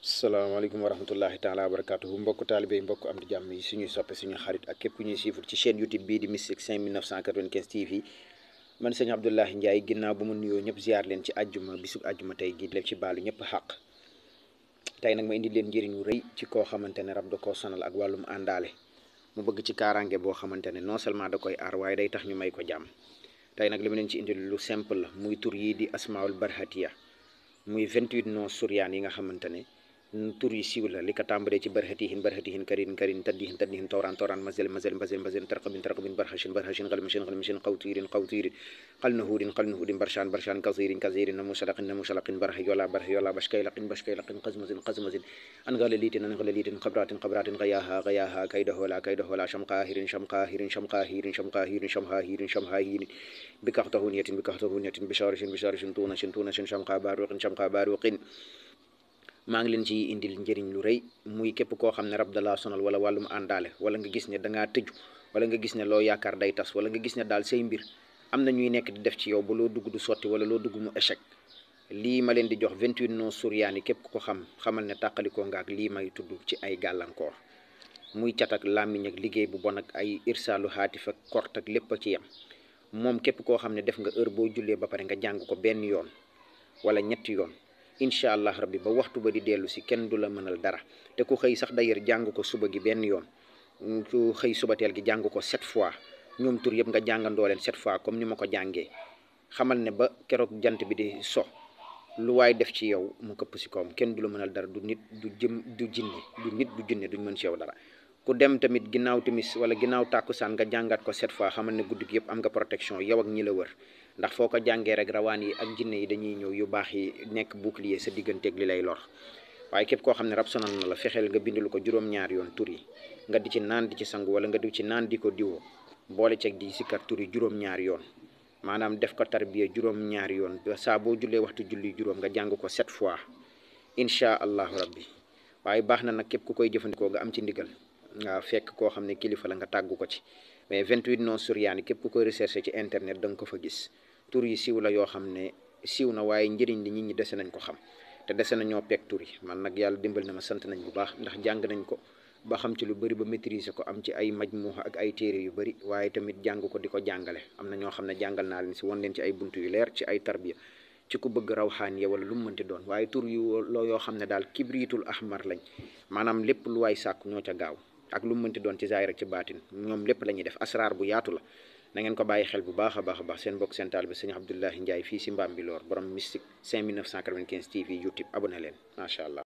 assalamualaikum warahmatullahi taala wabarakatuh. barakatuhu mbokk taalibe yi mbokk am di jam yi suñu soppe suñu xarit ak képp ku ñuy siiful ci chaîne youtube bi di mystique 5995 TV man seigne abdullah ndjay ginnaw bu mu nuyo ñep ziar leen ci aljuma bisub aljuma tay gi def ci balu ñep haq tay nak ma indi leen njëriñ ñu reuy ci ko xamantene rab da ko sonal ak walum andale mu bëgg ci kaaraange bo xamantene non seulement da koy ar way day tax ñu may ko jam tay nak limu leen ci indi lu simple muy tour yi di asmaul barhatia muy 28 non suryaan yi nga xamantene tur yi siiw la li ko tàmbalee ci barxatihin barxatihin karin karin taddihin taddihin tawran tawran mazal mazal mazal mazal tarqabin tarqabin barxashin barxashin xalmashin xalmashin xawtiirin xawtiirin xalnahuudin xalnahuudin barshaan barshaan kasiirin kasiirin namusalaqin namusalaqin barxa yola barxa yola bashkaylaqin bashkaylaqin qasmazin qasmazin an galaliitin an galaliitin xabraatin xabraatin gayaha gayaha kaydahola kaydahola shamqaahirin shamqaahirin shamqaahirin shamqaahirin shamqaahirin shamqaahirin bikaxtahuniyatin bikaxtahuniyatin bisharishin bisharishin tuunashin tuunashin shamqaa baaruqin shamqaa baaruqin maa ngi leen ci indil njëriñ lu rëy muy képp koo xam ne rab da laa sonal wala wàllum àndaale wala nga gis ne da ngaa tëju wala nga gis ne loo yaakaar day tas wala nga gis ne daal say mbir am na ñuy nekk di def ci yow ba loo dugg du sotti wala loo dugg mu échec lii ma leen di jox 28 non suryaan yi képp ku ko xam xamal ne tàqalikoo nga ak lii may tudd ci ay gàllankoor muy cat ak làmmiñ ak liggéey bu bon ak ay irsaalu xaatif ak kort ak lépp a ci yem moom képp koo xam ne def nga heure boo jullee ba pare nga jàng ko benn yoon wala ñetti yoon incha allah rabbi ba waxtu ba di dellu si kenn du la mënal dara te ku xëy sax d'ailleurs jàng ko suba gi benn yoon ku xëy teel gi jàng ko sept fois ñoom tur yëpp nga jàngandoo leen sept fois comme ni ma ko jàngee xamal ne ba keroog jant bi di so lu waay def ci yow mu këpp si kawam kenn du la mënal dara du nit du jëm du jinne du nit du jinne duñ mën ci yow dara ku dem tamit ginnaaw timis wala ginnaaw tàkkusaan nga jàngat ko cette fois xamal ne guddi gi yëpp am nga protection yow ak ñi la wër ndax foo ko jàngee rek rawaan yi ak jinne yi dañuy ñëw yu baax yi nekk bouclier sa digganteeg li lay lor waaye képp koo xam ne rab sonal na la fexeel nga bindalu ko juróom-ñaar yoon turi yi nga di ci naan di ci sangu wala nga di ci naan di ko diwoo boole ceeg di sikkar tur yi juróom-ñaar yoon maanaam def ko tarbiya juróom-ñaar yoon saa boo jullee waxtu julli juróom nga jàng ko sept fois incha allahu rabbi waaye baax na nag képp ku koy jëfandikoo nga am ci ndigal nga fekk koo xam ne kilifa la nga tàgg ko ci mais 28 non suryaani képp ku ko recherché ci internet da nga ko fa gis tur yi siiw la yoo xam ne siiw na waaye njëriñ li nit ñi dese nañ ko xam te dese na peek peeg tur yi man nag yàlla dimbal na ma sant nañ bu baax ndax jàng nañ ko ba xam ci lu bëri ba maîtriser ko am ci ay muux ak ay téere yu bëri waaye tamit jàng ko di ko jàngale am na ñoo xam ne jàngal naa leen si wan leen ci ay bunt yu leer ci ay tarbiya ci ku bëgg rawxaan ya wala lu mu mënti doon waaye tur yu loo yoo xam ne daal kibriitul ahmar lañ maanaam lépp lu waay sàkk ñoo ca gaaw ak lu mu mënti doon ci zaay rek ci baatin ñoom lépp la ñuy def asraar bu yaatu la na ngeen ko bàyyi xel bu baax a baax seen bokk seen taalibe sëñ Abdoulahi Ndiaye fii si Mbambilor borom mystique 5995 TV YouTube abonné leen macha allah.